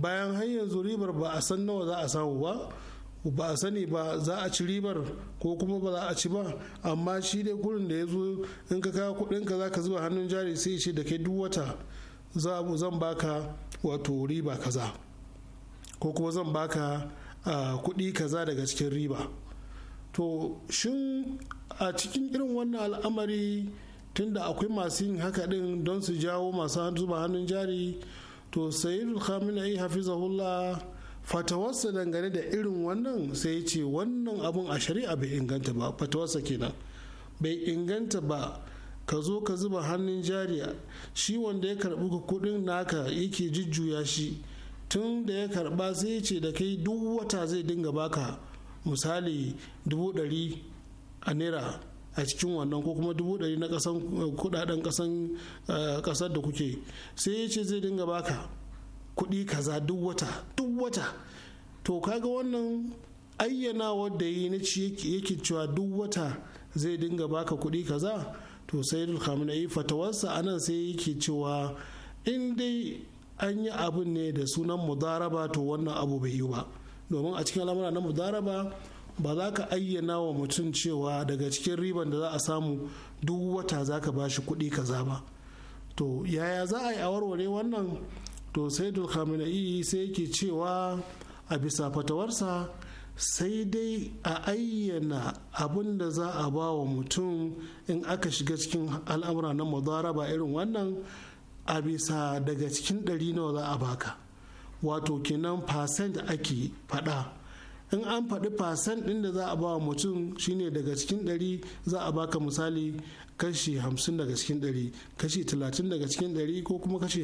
bayan har yanzu ribar ba a san nawa za a samu ba ba a sani ba za a ci ribar ko kuma ba za a ci ba amma shi dai kurin da ya zo in ka kawo kuɗinka za ka zuba hannun jari sai ce da kai duk wata zan baka wato riba kaza ko kuma zan baka kuɗi kaza daga cikin riba to shin a cikin irin wannan al'amari tunda akwai masu yin haka din don su jawo masu zuba hannun jari to sayyidul khamenei hafizahullah fatawarsa dangane da irin wannan sai ce wannan abun a shari'a bai inganta ba fatawarsa kenan bai inganta ba ka zo ka zuba hannun jari shi wanda ya karɓi kuɗin naka yake jujjuya shi tun da ya karba sai ce da kai duk wata zai dinga baka misali dubu ɗari a naira a cikin wannan ko kuma dubu ɗari na kudaden kasan kasar da kuke sai ya ce zai dinga baka kuɗi kaza duk wata duk wata to kaga wannan ayyana wadda yi na ci yake cewa duk wata zai dinga baka kuɗi kaza to sai khamenei fatawarsa anan sai yake cewa in dai an yi abin ne da sunan mudaraba to wannan abu bai yi ba domin a cikin al'amura na mudaraba ba za ka ayyana wa mutum cewa daga cikin riban da za a samu duk wata za ka ba bashi kuɗi kaza ba to yaya za a yi a warware wannan to sai dulkamina'i sai yake cewa a bisa fatawarsa sai dai a ayyana abin da za a ba wa mutum in aka shiga cikin al'amura na mudaraba irin wannan a bisa daga cikin ɗari nawa za a baka wato kenan percent ake faɗa in an faɗi percent ɗin da za a ba wa mutum shine daga cikin ɗari za a baka misali kashi hamsin daga cikin ɗari kashi talatin daga cikin ɗari ko kuma kashi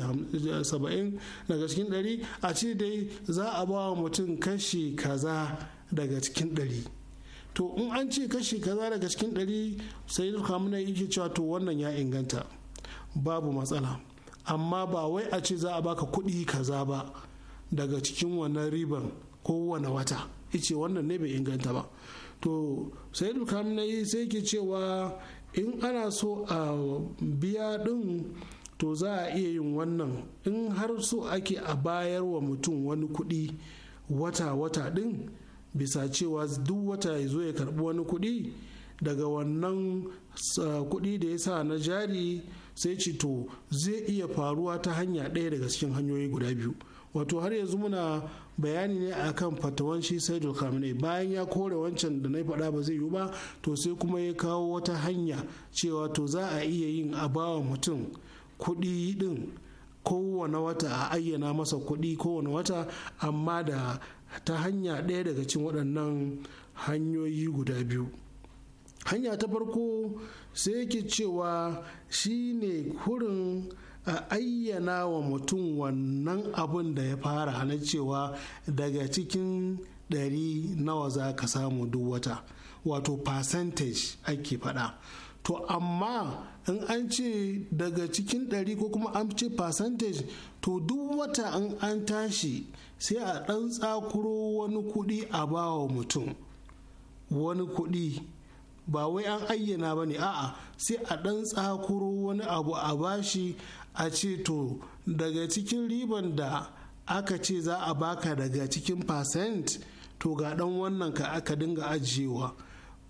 saba'in daga cikin ɗari a ce dai za a ba wa mutum kashi kaza daga cikin ɗari to in an ce kashi kaza daga cikin ɗari sai ya yake cewa to wannan ya inganta babu matsala amma ba wai a ce za a baka kuɗi kaza ba daga cikin wannan riban wani wata ice wannan ne bai inganta ba to sai na yi sai ke cewa in ana so a biya din to za a iya yin wannan in har so ake a bayar wa mutum wani kuɗi wata-wata ɗin, bisa cewa duk wata ya zo ya karɓi wani kuɗi daga wannan kuɗi da ya sa na jari sai ce to zai iya faruwa ta hanya ɗaya daga cikin hanyoyi guda biyu wato har yanzu muna bayani ne akan fatawan shi sai khamenei bayan ya kore wancan da na faɗa ba zai yi ba to sai kuma ya kawo wata hanya cewa to za a iya yin a bawa mutum kuɗi ɗin kowane wata a ayyana masa kuɗi kowane wata amma da ta hanya ɗaya daga cikin waɗannan hanyoyi guda biyu hanya ta farko sai yake cewa shi ne kurin a ayyana wa mutum wannan abun da ya fara halarcewa daga cikin ɗari nawa za ka samu duk wata wato percentage ake faɗa to amma in an ce daga cikin ɗari ko kuma an ce percentage to duk wata in an tashi sai a ɗan tsakuro wani kuɗi a bawa mutum wani kuɗi ba wai an ayyana ba ne a'a sai a ɗan tsakuro wani abu a bashi a ce to daga cikin riban da aka ce za a baka daga cikin percent to ga ɗan wannan ka aka dinga ajiyewa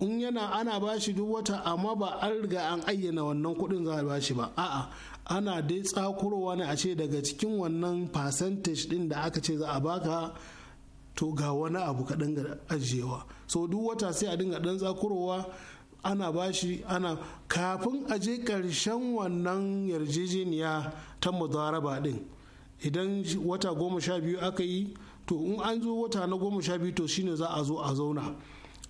in yana ana bashi duk wata amma ba an riga an ayyana wannan kuɗin za a bashi ba a'a ana dai tsakurowa ne a ce daga cikin wannan percentage ɗin da aka ce za a baka to ga wani abu ka dinga ajiyewa so duk wata sai a dinga ɗan tsakurowa ana bashi ana kafin a je ƙarshen wannan yarjejeniya ta mudaraba din idan wata goma sha biyu aka yi to in an zo wata na goma sha biyu to shine za a zo a zauna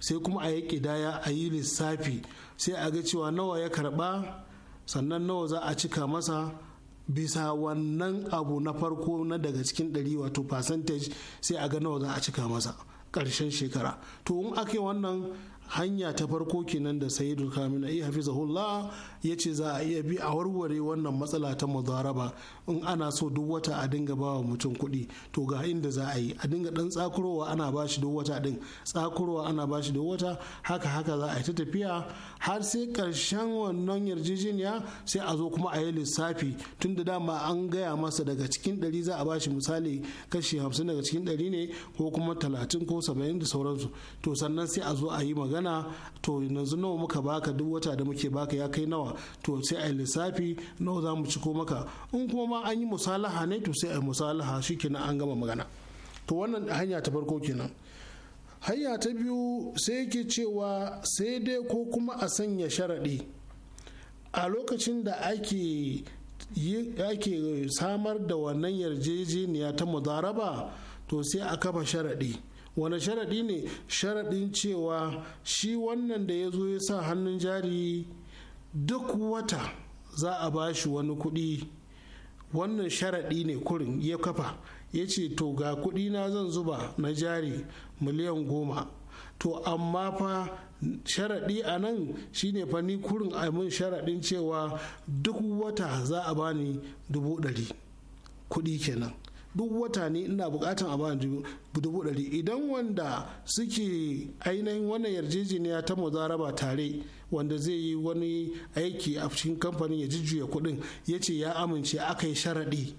sai kuma a yi kidaya a yi lissafi sai a ga cewa nawa ya karba sannan nawa za a cika masa bisa wannan abu na farko na daga cikin ɗari wato percentage sai a ga nawa za a cika masa ƙarshen shekara to in aka yi wannan hanya ta farko kenan da saidu kamina iya eh, hafizahullah ya ce za a iya bi a warware wannan matsala ta mudaraba in ana so duk wata a dinga ba wa mutum kuɗi to ga inda za a yi a dinga dan tsakurowa ana ba shi duk wata din tsakurowa ana ba shi duk wata haka haka za a yi ta tafiya har sai karshen wannan yarjejeniya sai a zo kuma a yi lissafi tun da dama an gaya masa daga cikin ɗari za a ba shi misali kashi hamsin daga cikin ɗari ne ko kuma talatin ko saba'in da sauransu to sannan sai a zo a yi magana magana to yanzu nawa muka baka duk wata da muke baka ya kai nawa to sai a lissafi nawa za mu ko maka in kuma ma an yi musalaha ne to sai a musalaha shi kenan an gama magana to wannan hanya ta farko kenan hanya ta biyu sai yake cewa sai dai ko kuma a sanya sharaɗi a lokacin da ake ake samar da wannan yarjejeniya ta mudaraba to sai a kafa sharaɗi wani sharaɗi ne sharaɗin cewa shi wannan da ya zo ya sa hannun jari duk wata za a ba shi wani kuɗi wannan sharaɗi ne kurin ya kafa ya ce to ga kuɗi na zan zuba na jari miliyan goma to amma fa sharaɗi a nan shine fa ni kurin min sharaɗin cewa duk wata za a bani dubu ɗari kuɗi kenan duk wata ne ina bukatan a bani dubu ɗari idan wanda suke ainihin wannan yarjejeniya ta mazaraba tare wanda zai yi wani aiki a cikin kamfanin ya jujjuya kuɗin ya ce ya amince aka yi sharaɗi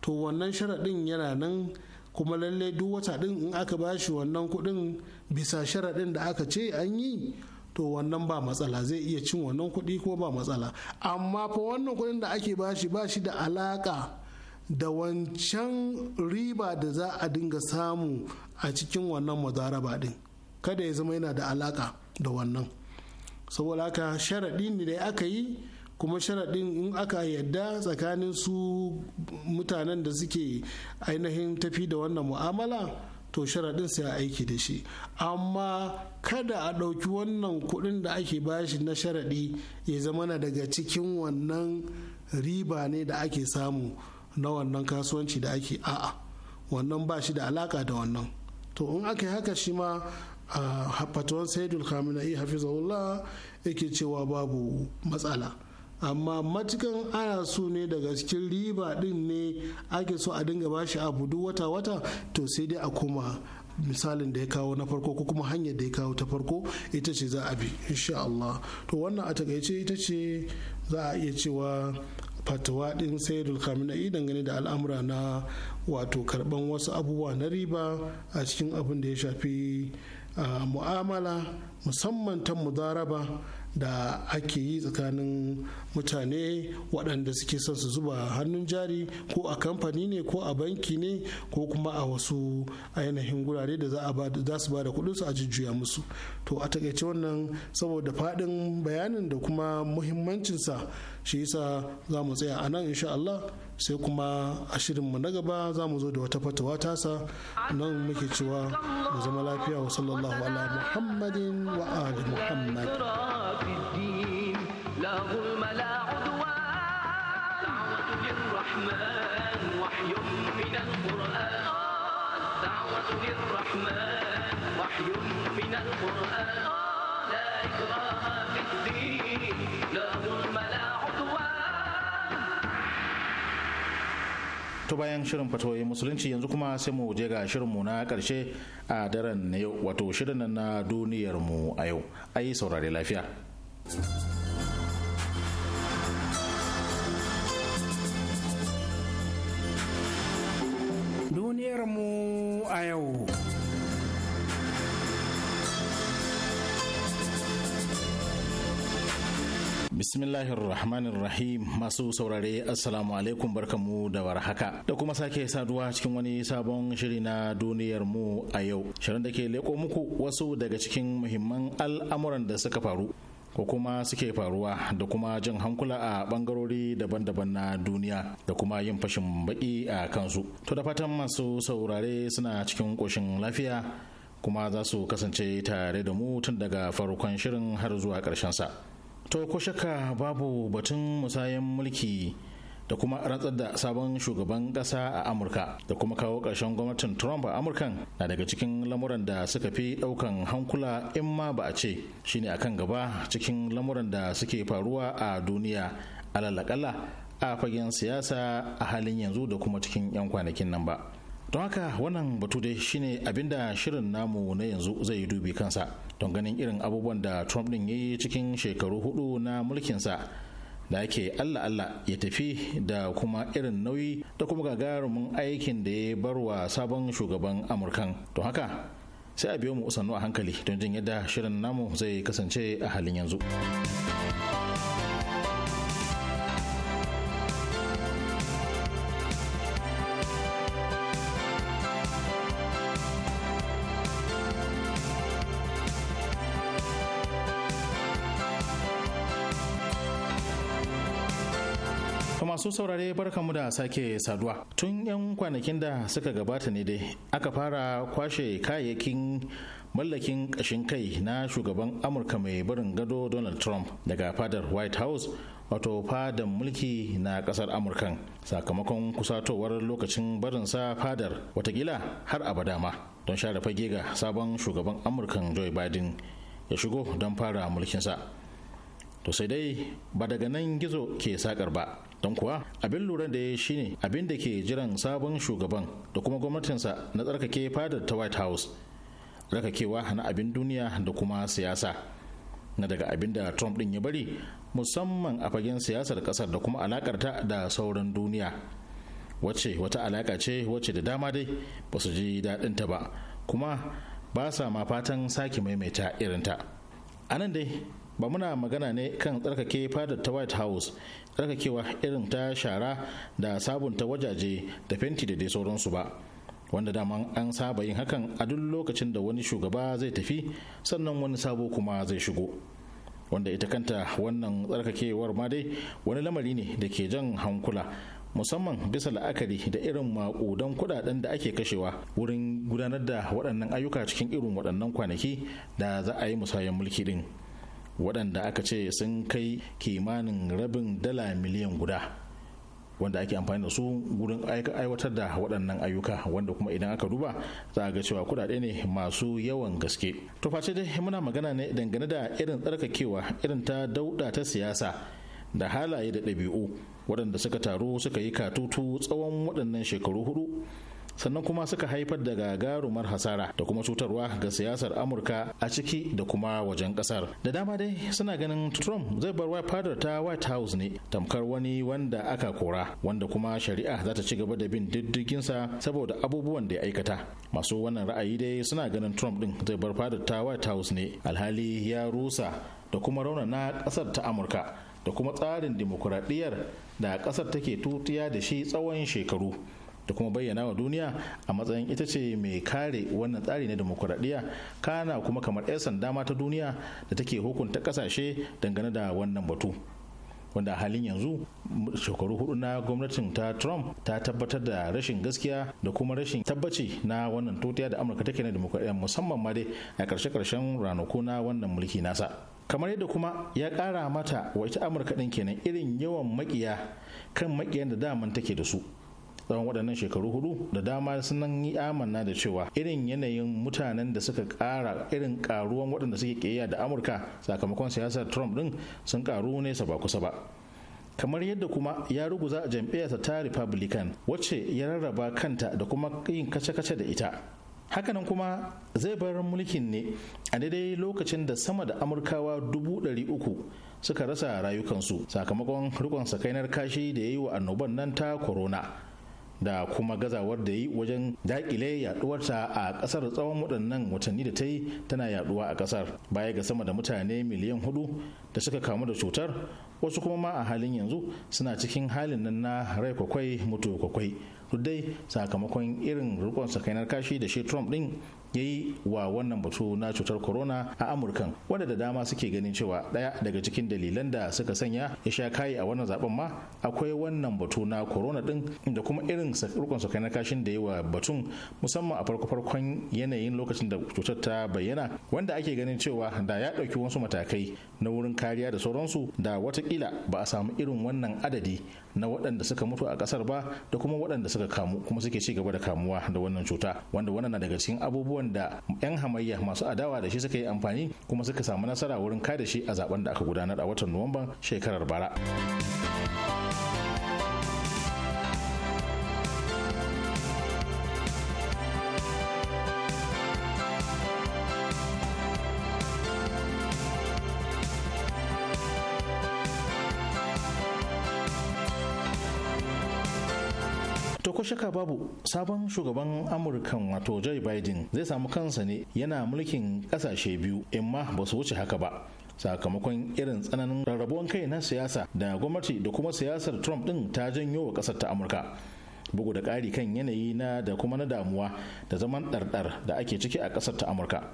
to wannan sharaɗin yana nan kuma lalle duk wata ɗin in aka bashi wannan kuɗin bisa sharaɗin da aka ce an yi to wannan ba matsala zai iya cin wannan kuɗi ko ba matsala amma fa wannan kuɗin da ake bashi ba shi da alaƙa da wancan riba da za a dinga samu a cikin wannan mazaraba din kada ya zama yana da alaka da wannan saboda haka sharaɗi ne da aka yi kuma sharaɗin in aka yadda tsakanin su mutanen da suke ainihin tafi da wannan mu'amala to sharaɗin sai a aiki da shi amma kada a ɗauki wannan kuɗin da ake bashi na sharaɗi ya zama daga cikin wannan riba ne da ake samu na wannan kasuwanci da ake a'a wannan ba shi da alaka da wannan to in aka yi haka shi ma a fatuwan saidul khamenei hafizahullah yake cewa babu matsala amma matukan ana so ne daga cikin riba din ne ake so a dinga bashi abu duk wata wata to sai dai a koma misalin da ya kawo na farko ko kuma hanyar da ya kawo ta farko ita ce za a bi insha Allah to wannan a takaice ita ce za a iya cewa fatawa din sayyidul khamenei dangane da al'amura na wato karban wasu abubuwa na riba a cikin abin da ya shafi mu'amala musamman ta mudaraba da ake yi tsakanin mutane waɗanda suke son su zuba hannun jari ko a kamfani ne ko a banki ne ko kuma a wasu ainihin gurare da za su ba da su a jujjuya musu to a takaice wannan saboda faɗin bayanin da kuma muhimmancinsa shi yasa za mu tsaya a nan insha Allah sai kuma a shirin mu na gaba za mu zo da wata ta sa, nan muke cewa mu zama lafiya wa sallallahu ala muhammadin wa ali muhammad للرحمن وحي من القرآن لا إكراه في الدين to bayan shirin fatawoyin musulunci yanzu kuma sai mu je ga shirinmu na karshe a daren na yau wato shirin nan na duniyarmu a yau ai saurare lafiya duniyarmu a yau Bismillahir Rahmanir Rahim masu saurare Assalamu alaikum barkamu da warhaka da kuma sake saduwa cikin wani sabon shiri na duniyar mu a yau. Shirin da ke leko muku wasu daga cikin muhimman al'amuran da suka faru ko kuma suke faruwa da kuma jin hankula a bangarori daban-daban na duniya da kuma yin fashin baki a kansu. To da fatan masu saurare suna cikin ƙoshin lafiya kuma za su kasance tare da mu tun daga farkon shirin har zuwa ƙarshen sa. to ko shakka babu batun musayen mulki da kuma rantsar da sabon shugaban kasa a amurka da kuma kawo ƙarshen gwamnatin trump a amurkan na daga cikin lamuran da suka fi ɗaukan hankula in ma ba a ce shine kan gaba cikin lamuran da suke faruwa a duniya alalakala a fagen siyasa a halin yanzu da kuma cikin 'yan kwanakin nan ba don haka wannan batu dai shine abinda shirin namu na yanzu zai yi dubi kansa don ganin irin abubuwan da trump din ya yi cikin shekaru hudu na mulkinsa da ake allah allah ya tafi da kuma irin nauyi da kuma gagarumin aikin da ya barwa sabon shugaban amurkan don haka sai a biyo mu usannu a hankali don jin yadda shirin namu zai kasance a halin yanzu. masu saurare barkamu da sake saduwa tun 'yan kwanakin da suka gabata ne dai aka fara kwashe kayayyakin mallakin kashin kai na shugaban amurka mai barin gado donald trump daga fadar white house wato fadar mulki na kasar amurkan sakamakon kusatowar lokacin barinsa fadar watakila har abada ma don share fage ga sabon shugaban amurkan joe biden ya shigo don fara mulkinsa to sai dai ba daga nan gizo ke sakar ba don kuwa abin lura da ya shine abin da ke jiran sabon shugaban da kuma gwamnatinsa na tsarkake fadar ta white house rakakewa na abin duniya da kuma siyasa na daga abin da trump din ya bari musamman a fagen siyasar kasar da kuma alakarta da sauran duniya wacce wata alaka ce wacce da dama dai ba su ji daɗin ta ba kuma ba sa ma fatan sake maimaita irinta a nan dai ba muna magana ne kan tsarkake fadar ta white house tsarkakewa irin ta shara da sabunta wajaje da fenti da dai sauransu ba wanda dama an saba yin hakan a duk lokacin da wani shugaba zai tafi sannan wani sabo kuma zai shigo wanda ita kanta wannan tsarkakewar ma dai wani lamari ne da ke jan hankula musamman bisa la'akari da irin maƙudan kudaden da ake kashewa wurin gudanar da waɗannan ayyuka cikin irin waɗannan kwanaki da za a yi musayen mulki din. waɗanda aka ce sun kai kimanin rabin dala miliyan guda wanda ake amfani da su gurin aiwatar da waɗannan ayyuka wanda kuma idan aka duba za a ga cewa kuɗaɗe ne masu yawan gaske to face dai muna magana ne dangane da irin tsarkakewa irin ta dauɗa ta siyasa da halaye da ɗabi'u waɗanda suka taru suka yi katutu tsawon waɗannan shekaru hudu sannan kuma suka haifar da gagarumar hasara da kuma cutarwa ga siyasar amurka a ciki da kuma wajen kasar da dama dai suna ganin trump zai bar fadar ta white house ne tamkar wani wanda aka kora wanda kuma shari'a za ta ci gaba da bin diddiginsa saboda abubuwan da ya aikata masu wannan ra'ayi dai suna ganin trump din zai bar fadar ta white house ne alhali ya rusa da kuma na kasar ta amurka da kuma tsarin dimokuraɗiyyar da ƙasar take tutiya da shi tsawon shekaru da kuma bayyana wa duniya a matsayin ita ce mai kare wannan tsari na demokuraɗiyya kana kuma kamar 'yan sanda ma ta duniya da take hukunta kasashe dangane da wannan batu wanda a halin yanzu shekaru hudu na gwamnatin ta trump ta tabbatar da rashin gaskiya da kuma rashin tabbaci na wannan totiya da amurka take na demokuraɗiyya musamman ma dai a karshe karshen ranaku na wannan mulki nasa kamar yadda kuma ya kara mata wa ita amurka ɗin kenan irin yawan makiya kan makiyan da daman take da su tsawon waɗannan shekaru hudu da dama sunan yi amanna da cewa irin yanayin mutanen da suka ƙara irin karuwan waɗanda suke ƙiyayya da amurka sakamakon siyasar trump ɗin sun ƙaru nesa ba kusa ba kamar yadda kuma ya ruguza jam'iyyarsa ta republican wacce ya rarraba kanta da kuma yin kace-kace da ita hakanan kuma zai bar mulkin ne a daidai lokacin da sama da amurkawa dubu ɗari uku suka rasa rayukansu sakamakon rikon sakainar kashi da ya yi wa annoban nan ta corona da kuma gazawar da yi wajen dakile yaduwarta a kasar tsawon waɗannan watanni da ta yi tana yaduwa a kasar baya ga sama da mutane miliyan hudu da suka kamu da cutar wasu kuma ma a halin yanzu suna cikin halin nan na rai kwakwai mutu kwakwai dai sakamakon irin rikon sakainar kashi da shi trump din ya yi wa wannan batu na cutar corona a amurkan wanda da dama suke ganin cewa daya daga cikin dalilan da suka sanya ya sha kayi a wannan zaben ma akwai wannan batu na corona din da kuma irin rikon sakainar kashin da ya wa batun musamman a farko farkon yanayin lokacin da cutar ta bayyana wanda ake ganin cewa da ya dauki wasu matakai na wurin kariya da sauransu da watakila ba a samu irin wannan adadi na waɗanda suka mutu a ƙasar ba da kuma waɗanda suka kamu kuma suke ci gaba da kamuwa da wannan cuta wanda wannan na daga cikin abubuwan da 'yan hamayya masu adawa da shi suka yi amfani kuma suka samu nasara wurin kada shi a zaben da aka gudanar a watan nuwamban shekarar bara. babu sabon shugaban amurkan wato joe biden zai samu kansa ne yana mulkin kasashe biyu imma ba su wuce haka ba sakamakon irin tsananin rarrabuwan kai na siyasa da gwamnati da kuma siyasar trump din ta janyo wa kasar ta amurka bugu da ƙari kan yanayi na da kuma na damuwa da zaman ɗarɗar da ake ciki a ƙasar ta amurka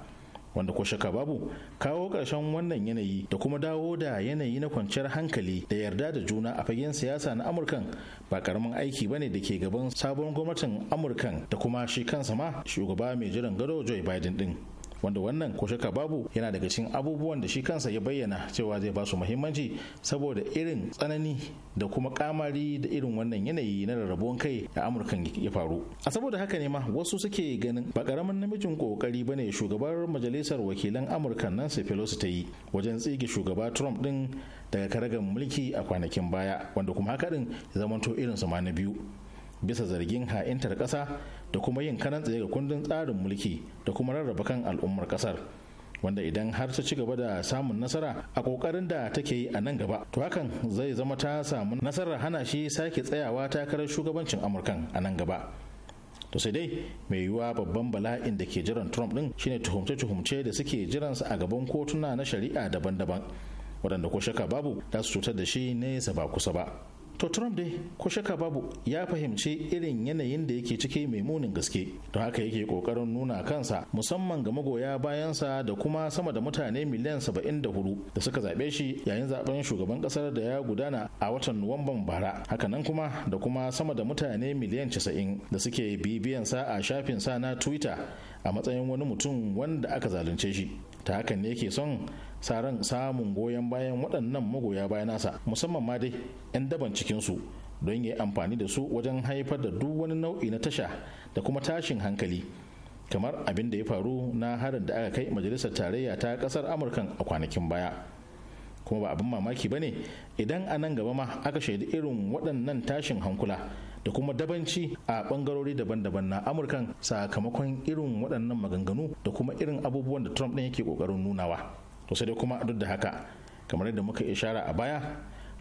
wanda ko shaka babu kawo ƙarshen wannan yanayi da kuma dawo da yanayi na kwanciyar hankali da yarda da juna a fagen siyasa na amurkan ba karamin aiki bane da ke gaban sabon gwamnatin amurkan da kuma shi kansa ma shugaba mai jiran gado joe biden din wanda wannan ko shaka babu yana daga cikin abubuwan da shi kansa ya bayyana cewa zai ba su muhimmanci saboda irin tsanani da kuma kamari da irin wannan yanayi na rarrabuwan kai da amurkan ya faru a saboda haka ne ma wasu suke ganin ba karamin namijin kokari bane shugabar majalisar wakilan amurka nancy pelosi ta yi wajen tsige shugaba trump din daga karagar mulki a kwanakin baya wanda kuma haka din zamanto irin su ma na biyu bisa zargin ha'intar kasa. da kuma yin kanan tsaye ga kundin tsarin mulki da kuma rarraba kan al'ummar kasar wanda idan har ta ci gaba da samun nasara a kokarin da take yi a nan gaba to hakan zai zama ta samu nasarar hana shi sake tsayawa takarar shugabancin amurkan a nan gaba to sai dai mai yiwuwa babban bala'in da ke jiran trump din shine tuhumce-tuhumce da suke jiransa a gaban kotuna na shari'a daban-daban waɗanda ko shaka babu za su cutar da shi nesa ba kusa ba to trump dai ko shaka babu ya fahimci irin yanayin da yake ciki mai munin gaske don haka yake kokarin nuna kansa musamman ga magoya bayansa da kuma sama da mutane miliyan 74 da suka zaɓe shi yayin zaben shugaban ƙasar da ya gudana a watan nuwamban bara hakanan kuma da kuma sama da mutane miliyan 90 da suke bibiyan sa a shafin sa na twitter a matsayin wani mutum wanda aka zalunce shi ta hakan ne yake son ran samun goyon bayan waɗannan magoya bayan nasa musamman ma dai 'yan daban cikinsu don ya yi amfani da su wajen haifar da duk wani nau'i na tasha da kuma tashin hankali kamar abin da ya faru na harin da aka kai majalisar tarayya ta ƙasar amurkan a kwanakin baya kuma ba abin mamaki ba ne idan a nan gaba ma aka shaidi irin waɗannan tashin hankula da kuma dabanci a ɓangarori daban-daban na amurkan sakamakon irin waɗannan maganganu da kuma irin abubuwan da trump ɗin yake ƙoƙarin nunawa to sai dai kuma duk da haka kamar yadda muka ishara a baya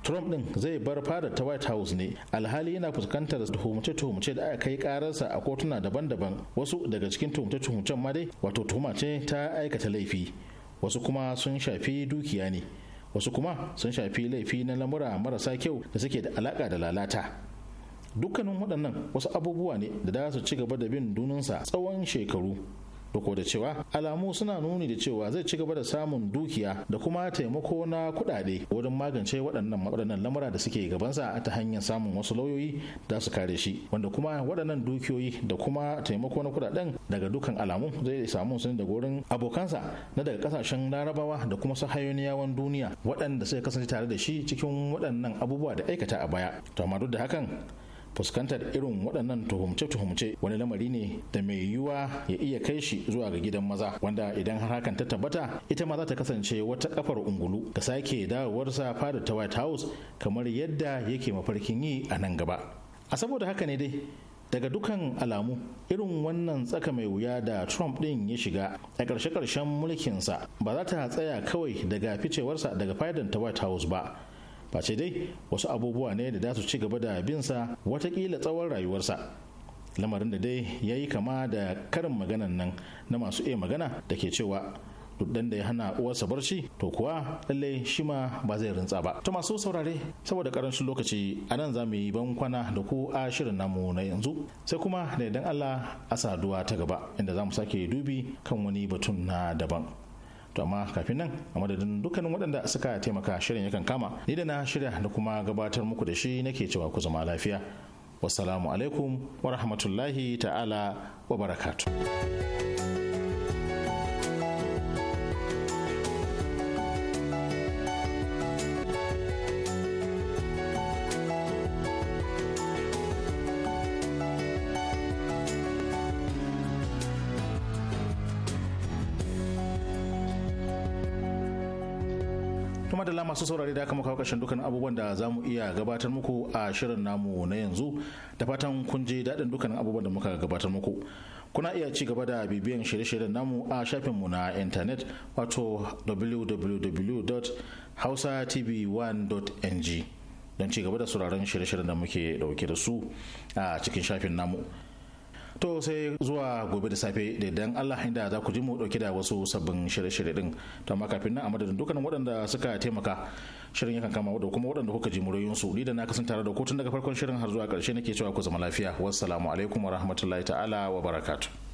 Trump din zai bar fadar ta White House ne alhali yana fuskantar tuhumce-tuhumce da aka kai kararsa a kotuna daban-daban wasu daga cikin tuhumce-tuhumcen ma dai wato tuhuma ce ta aikata laifi wasu kuma sun shafi dukiya ne wasu kuma sun shafi laifi na lamura marasa kyau da suke da alaka da lalata dukkanin waɗannan wasu abubuwa ne da za su ci gaba da bin dununsa tsawon shekaru riko da cewa alamu suna nuni da cewa zai ci gaba da samun dukiya da kuma taimako na kuɗaɗe wurin magance waɗannan waɗannan lamura da suke gabansa ta hanyar samun wasu lauyoyi da su kare shi wanda kuma waɗannan dukiyoyi da kuma taimako na kuɗaɗen daga dukkan alamu zai samu su daga wurin abokansa na daga kasashen larabawa da kuma sahayoniyawan duniya waɗanda suka kasance tare da shi cikin waɗannan abubuwa da aikata a baya to amma duk da hakan fuskantar irin waɗannan tuhumce-tuhumce wani lamari ne da mai yiwuwa ya iya kai shi zuwa ga gidan maza wanda idan har hakan ta tabbata ita ma za ta kasance wata kafar ungulu ga sake dawowarsa fada ta white house kamar yadda yake mafarkin yi a nan gaba a saboda haka ne dai daga dukan alamu irin wannan tsaka mai wuya da trump din ya shiga a ƙarshe-ƙarshen mulkinsa ba za ta tsaya kawai daga ficewarsa daga fadan ta white house ba face dai wasu abubuwa ne da za su ci gaba da binsa watakila tsawon rayuwarsa lamarin da dai ya yi kama da karin maganan nan na masu iya magana da ke cewa duk da ya hana uwarsa barci to kuwa lallai shi ma ba zai rintsa ba to masu saurare saboda karancin lokaci a nan za mu yi ban kwana da ku a shirin namu na yanzu sai kuma da idan Allah a saduwa ta gaba inda za mu sake dubi kan wani batun na daban to amma kafin nan a madadin dukkanin waɗanda suka taimaka shirin yakan kama ni da na shirya da kuma gabatar muku da shi nake cewa ku zama lafiya wassalamu alaikum wa rahmatullahi ta'ala wa barakatu. Allah masu saurare da aka maka kashin dukkan abubuwan da za mu iya gabatar muku a shirin namu na yanzu da fatan kun je daɗin dukkan abubuwan da muka gabatar muku kuna iya ci gaba da bibiyan shirye-shiryen namu a shafinmu na intanet wato www.hausatv1.ng don ci gaba da sauraron shirye-shiryen da muke dauke da su a cikin shafin namu. to sai zuwa gobe da safe da idan Allah inda za ku ji mu dauki da wasu sabbin shirye-shirye din to amma kafin nan a madadin dukkanin waɗanda suka taimaka shirin yakan kama da kuma waɗanda kuka ji muryoyin su ni da na kasance tare da ku tun daga farkon shirin har zuwa ƙarshe nake cewa ku zama lafiya wassalamu alaikum wa rahmatullahi ta'ala wa barakatuh